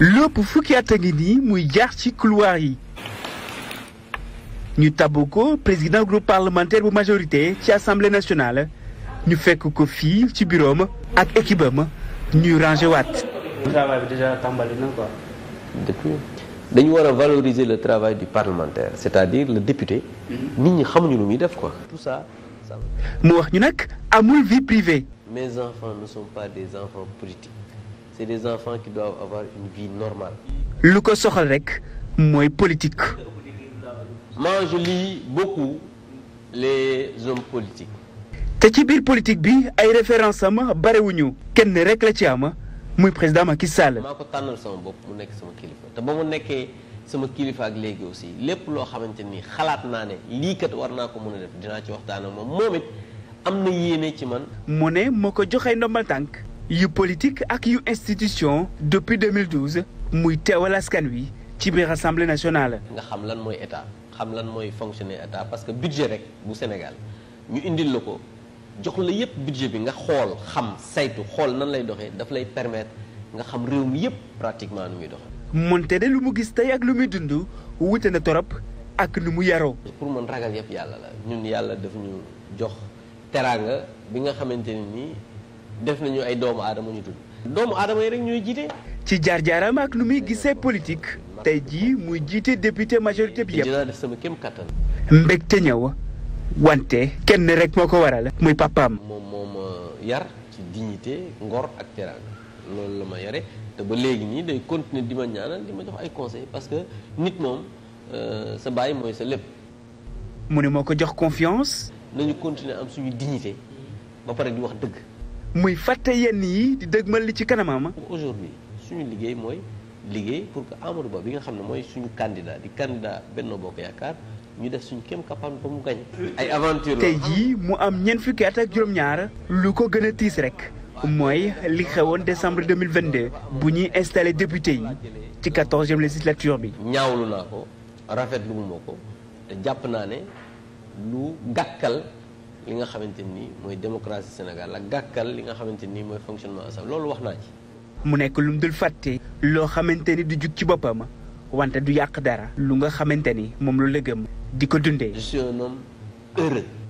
lépp fukki at a ngi nii muy jaar ci couloir yi ñu tabb ko président groupe parlementaire bu majorité ci assemblée nationale ñu fekk ko fii ci bureau am ak équipe am ñuy rangé waat. travail bi déjà tàmbali na depuis dañu war a valoriser le travail du parlementaire c'est-à-dire le député. Mhm. nit ñi xamuñu lu muy def quoi. tout ça. mu wax ñu nag amul vie privée. mes enfants ne sont pas des enfants politiques. des enfants qui doivent avoir une lu ko soxal rek mooy politique. moi je lis beaucoup les hommes te ci biir politique bi ay référence am barewuñu kenn rek la ci am muy président Macky Sall. maa ko tànnal sama bopp mu nekk sama kilifa te ba mu nekkee sama kilifa ak léegi aussi lépp loo xamante ni xalaat naa ne lii kat war naa ko mën a def dinaa ci waxtaan moom moom it am na yéene ci man. moo ne moo ko joxee ndombal tànk. yu politique ak yu institution depuis 2012 muy teewal askan wi ci biir assemblée nationale. nga xam lan mooy état xam lan mooy fonctionner état parce que budget rek bu Sénégal ñu indil la ko jox la yëpp budget bi nga xool xam saytu xool nan lay doxee daf lay permettre nga xam réew mi yëpp pratiquement nu muy doxee. te de lu mu gis tey ak lu muy dund wute na torop ak lu mu yaroo. pour man ragal yëpp yàlla la ñun yàlla daf ñu jox teraanga bi nga xamante nii. def nañu ay doomu aadama ñu tudd doomu aadama yi rek ñooy jiite. ci jaar-jaaram ak lu muy gisee politique tey jii muy jiite député majorité bi yëpp. dinaa def sama kéem kattan. te ñëw wante kenn rek moo ko waral. muy papaam. moom moom euh, yar ci dignité ngor ak teraanga loolu la ma yore te ba léegi nii day continuer di ma ñaanal di ma jox ay conseil parce que nit moom euh, sa baay mooy sa lépp. mu ne moo ko jox confiance. nañu continuer am suñu dignité ba pare di wax dëgg. muy fàtte yenn yi di dëgmal li ci kanamam. aujourd'hui suñu liggéey mooy liggéey pour que Amadou Ba bi nga xam ne mooy suñu candidat di candidat Benno Bokk Yaakaar ñu def suñu kéem kapaan ba mu gañ ay aventure tey jii mu am ñeent fukki at ak juróom-ñaar lu ko gën a tiis rek mooy li xewoon décembre 2022 bu ñuy installé député yi ci quatorzième législature bi. ñaawlu naa ko rafet rafetlu ma ko jàpp naa ne lu gàkkal. li nga xamante ni mooy démocratie Sénégal ak gàkkal li nga xamante ni mooy fonctionnement assemblée loolu wax naa ci. mu nekk lu mu dul fàtte. loo xamante ni du jug ci boppam wante du yàq dara. lu nga xamante ni moom lu la di ko dundee. je suis un